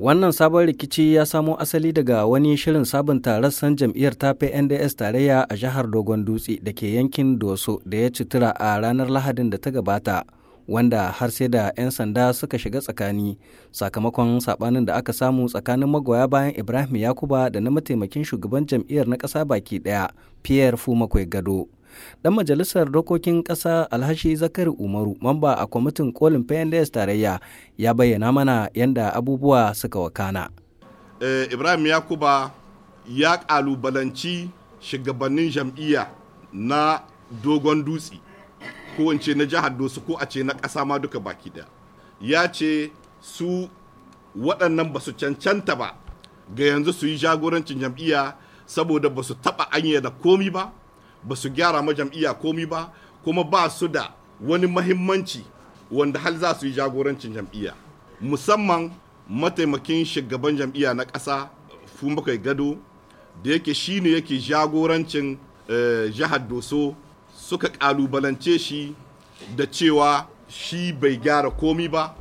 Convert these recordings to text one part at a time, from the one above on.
Wannan sabon rikici ya samo asali daga wani shirin sabunta rassan jam'iyyar tafe nds tarayya a jihar Dogon Dutse da ke yankin Doso da ya citira a ranar Lahadin da ta gabata, wanda har sai da 'yan sanda suka shiga tsakani sakamakon sabanin da aka samu tsakanin magoya bayan Ibrahim Yakuba da na mataimakin shugaban jam'iyyar na ƙasa baki ɗaya, Pierre Fumakwai Gado. Dan majalisar dokokin ƙasa Alhashi Zakari Umaru, mamba a kwamitin kolin PNDS tarayya, ya bayyana mana yadda abubuwa suka wakana. Eh, Ibrahim Yakuba ya ƙalubalanci shugabannin jam'iyya na dogon dutse, ko na jihar Dosu ko a ce na ƙasa ma duka baki da. Ya ce su waɗannan ba su cancanta ba ga yanzu su yi jagorancin jam'iyya saboda ba su taɓa anya da komi ba ba su gyara ma jam'iyya komi ba kuma ba su da wani mahimmanci wanda hal za su yi jagorancin jam'iyya musamman mataimakin shugaban jam'iyya na ƙasa fumbakai gado da yake shine yake jagorancin eh, jihar doso suka ƙalubalance shi da cewa shi bai gyara komi ba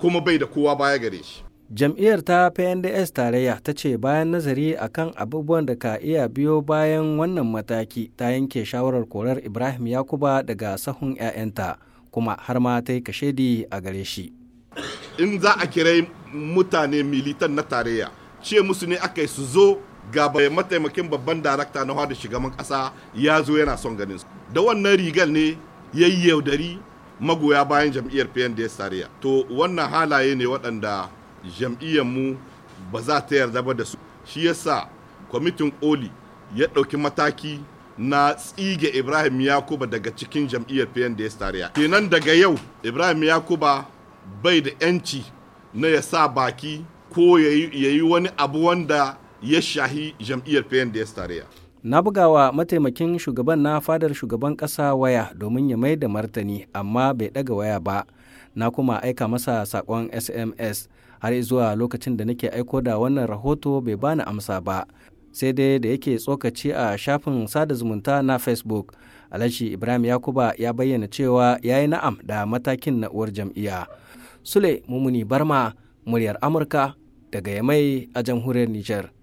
kuma bai da kowa baya gare shi jam'iyyar ta pnds tarayya ta ce bayan nazari a kan abubuwan da ka iya biyo bayan wannan mataki ta yanke shawarar korar ibrahim yakuba daga sahun 'ya'yanta kuma har ma ta yi kashedi a gare shi in za a kira mutane militan na tarayya ce musu ne aka yi su zo ga mataimakin babban darakta na hada shugaban kasa ya zo yana son ganin su da wannan rigar ne ya yi yaudari magoya bayan jam'iyyar pnds tarayya to wannan halaye ne waɗanda jam'iyyar mu ba za ta yarda ba da su shi yasa kwamitin oli ya ɗauki mataki na tsige ibrahim yakuba daga cikin jam'iyyar pnds tarayya kenan daga yau ibrahim yakuba bai da 'yanci na ya sa baki ko ya yi wani abu wanda ya shahi jam'iyyar pnds tarayya na bugawa mataimakin shugaban na fadar shugaban ƙasa waya domin ya mai da martani amma bai ɗaga waya ba na kuma aika masa saƙon sms har zuwa lokacin da nake aiko da wannan rahoto bai bani amsa ba sai dai da yake tsokaci a shafin sada zumunta na facebook alashi ibrahim yakuba ya bayyana cewa ya yi na'am da matakin na uwar jam'iyya sule mumuni barma muryar amurka daga yamai a jamhuriyar niger